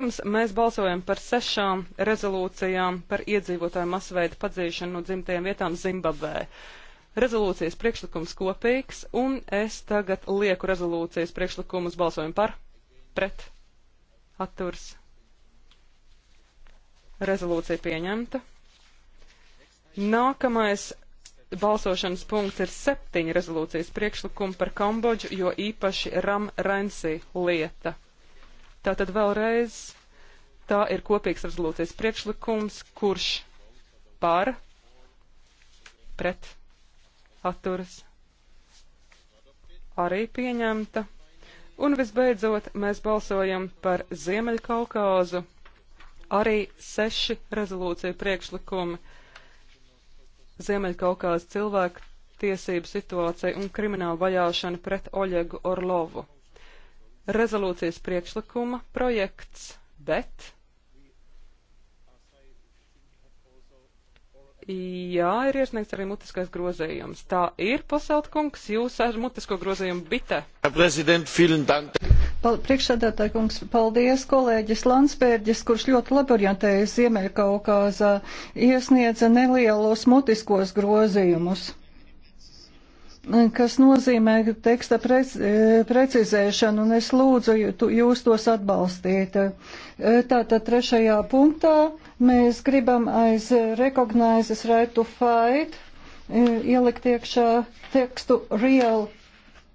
Pirms mēs balsojam par sešām rezolūcijām par iedzīvotāju masveida padzīšanu no dzimtajām vietām Zimbabvē. Rezolūcijas priekšlikums kopīgs, un es tagad lieku rezolūcijas priekšlikumus balsojumu par, pret, atturs. Rezolūcija pieņemta. Nākamais balsošanas punkts ir septiņi rezolūcijas priekšlikumi par Kambodžu, jo īpaši Ram Rensi lieta. Tātad vēlreiz tā ir kopīgs rezolūcijas priekšlikums, kurš par, pret, atturas, arī pieņemta. Un visbeidzot, mēs balsojam par Ziemeļkaukāzu, arī seši rezolūcija priekšlikumi Ziemeļkaukāzu cilvēku tiesību situācija un krimināla vajāšana pret Oļegu Orlovu rezolūcijas priekšlikuma projekts, bet. Jā, ir iesniegts arī mutiskais grozījums. Tā ir, pasautkungs, jūs ar mutisko grozījumu bite. Priekšsēdētāji kungs, paldies kolēģis Landsbērģis, kurš ļoti labi orientējas Ziemeļkaukāzā, iesniedza nelielos mutiskos grozījumus kas nozīmē teksta e, precizēšanu, un es lūdzu jūs tos atbalstīt. E, tātad trešajā punktā mēs gribam aiz recognizes right to fight e, ielikt iekšā tekstu real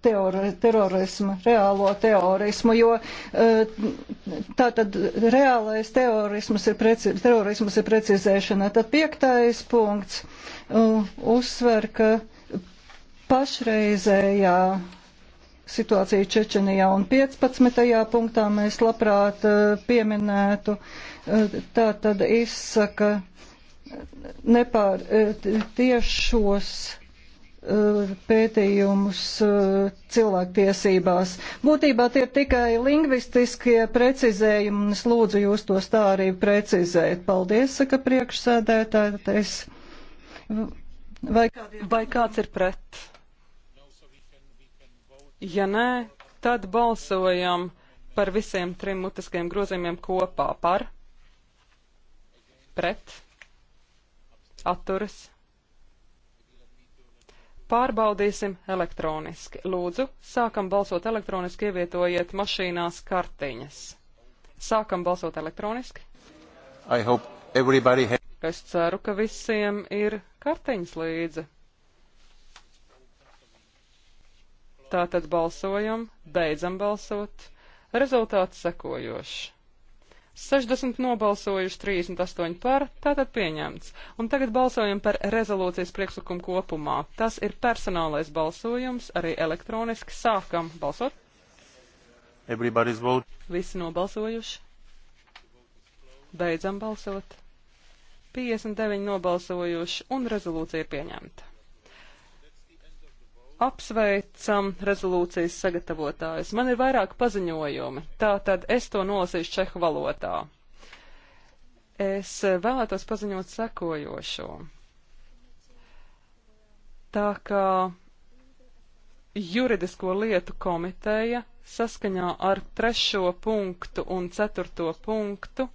teori, terorismu, reālo terorismu, jo tātad reālais terorismus ir, preci, terorismus ir precizēšana. Tad piektais punkts uzsver, ka pašreizējā situācija Čečenijā un 15. punktā mēs labprāt eh, pieminētu, eh, tā tad izsaka nepār eh, tiešos pētījumus cilvēktiesībās. Būtībā tie ir tikai lingvistiskie precizējumi, un es lūdzu jūs tos tā arī precizēt. Paldies, saka priekšsēdētājs. Vai, vai kāds ir pret? Ja nē, tad balsojam par visiem trim mutiskajiem grozījumiem kopā par, pret, atturas. Pārbaudīsim elektroniski. Lūdzu, sākam balsot elektroniski, ievietojiet mašīnās kartiņas. Sākam balsot elektroniski. Has... Es ceru, ka visiem ir kartiņas līdzi. Tātad balsojam, beidzam balsot. Rezultāts sekojošs. 60 nobalsojuši, 38 par, tātad pieņemts. Un tagad balsojam par rezolūcijas priekšlikumu kopumā. Tas ir personālais balsojums, arī elektroniski sākam balsot. Visi nobalsojuši. Beidzam balsot. 59 nobalsojuši un rezolūcija ir pieņemta apsveicam rezolūcijas sagatavotājus. Man ir vairāk paziņojumi, tā tad es to nolasīšu čehu valodā. Es eh, vēlētos paziņot sekojošo. Tā kā juridisko lietu komiteja saskaņā ar trešo punktu un ceturto punktu